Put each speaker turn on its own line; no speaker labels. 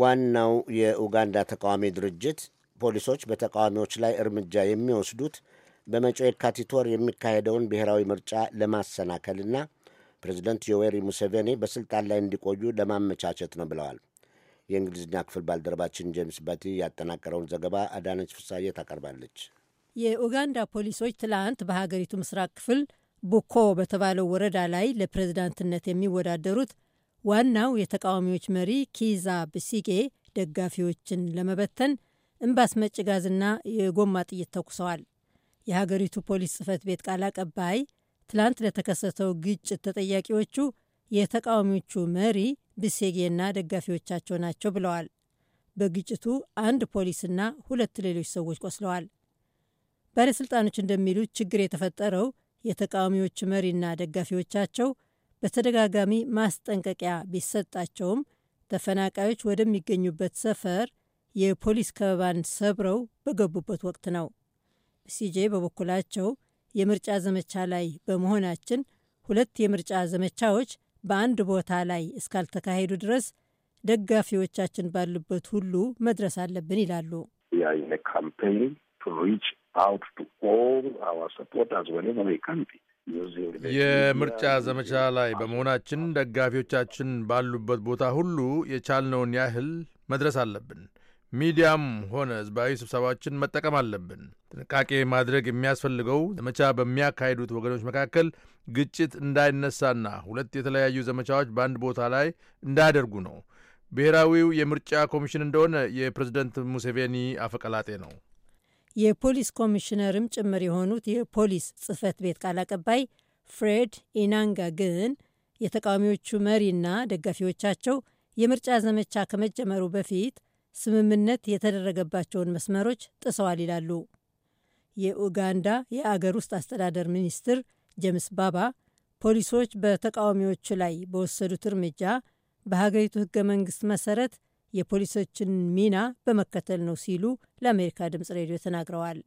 ዋናው የኡጋንዳ ተቃዋሚ ድርጅት ፖሊሶች በተቃዋሚዎች ላይ እርምጃ የሚወስዱት በመጪው የካቲት ወር የሚካሄደውን ብሔራዊ ምርጫ ለማሰናከልና ፕሬዚደንት ዮዌሪ ሙሴቬኒ በስልጣን ላይ እንዲቆዩ ለማመቻቸት ነው ብለዋል። የእንግሊዝኛ ክፍል ባልደረባችን ጄምስ ባቲ ያጠናቀረውን ዘገባ አዳነች ፍሳዬ ታቀርባለች።
የኡጋንዳ ፖሊሶች ትላንት በሀገሪቱ ምስራቅ ክፍል ቡኮ በተባለው ወረዳ ላይ ለፕሬዝዳንትነት የሚወዳደሩት ዋናው የተቃዋሚዎች መሪ ኪዛ ብሲጌ ደጋፊዎችን ለመበተን እምባስ መጭ ጋዝና የጎማ ጥይት ተኩሰዋል። የሀገሪቱ ፖሊስ ጽህፈት ቤት ቃል አቀባይ ትላንት ለተከሰተው ግጭት ተጠያቂዎቹ የተቃዋሚዎቹ መሪ ብሴጌና ደጋፊዎቻቸው ናቸው ብለዋል። በግጭቱ አንድ ፖሊስና ሁለት ሌሎች ሰዎች ቆስለዋል። ባለሥልጣኖች እንደሚሉት ችግር የተፈጠረው የተቃዋሚዎች መሪና ደጋፊዎቻቸው በተደጋጋሚ ማስጠንቀቂያ ቢሰጣቸውም ተፈናቃዮች ወደሚገኙበት ሰፈር የፖሊስ ከበባን ሰብረው በገቡበት ወቅት ነው። ሲጄ በበኩላቸው የምርጫ ዘመቻ ላይ በመሆናችን ሁለት የምርጫ ዘመቻዎች በአንድ ቦታ ላይ እስካልተካሄዱ ድረስ ደጋፊዎቻችን ባሉበት ሁሉ መድረስ አለብን ይላሉ።
የምርጫ ዘመቻ ላይ በመሆናችን ደጋፊዎቻችን ባሉበት ቦታ ሁሉ የቻልነውን ያህል መድረስ አለብን። ሚዲያም ሆነ ህዝባዊ ስብሰባዎችን መጠቀም አለብን። ጥንቃቄ ማድረግ የሚያስፈልገው ዘመቻ በሚያካሂዱት ወገኖች መካከል ግጭት እንዳይነሳና ሁለት የተለያዩ ዘመቻዎች በአንድ ቦታ ላይ እንዳያደርጉ ነው። ብሔራዊው የምርጫ ኮሚሽን እንደሆነ የፕሬዝደንት ሙሴቬኒ አፈቀላጤ ነው።
የፖሊስ ኮሚሽነርም ጭምር የሆኑት የፖሊስ ጽህፈት ቤት ቃል አቀባይ ፍሬድ ኢናንጋ ግን የተቃዋሚዎቹ መሪና ደጋፊዎቻቸው የምርጫ ዘመቻ ከመጀመሩ በፊት ስምምነት የተደረገባቸውን መስመሮች ጥሰዋል ይላሉ። የኡጋንዳ የአገር ውስጥ አስተዳደር ሚኒስትር ጄምስ ባባ ፖሊሶች በተቃዋሚዎቹ ላይ በወሰዱት እርምጃ በሀገሪቱ ህገ መንግስት መሰረት የፖሊሶችን ሚና በመከተል ነው ሲሉ ለአሜሪካ ድምጽ ሬዲዮ ተናግረዋል።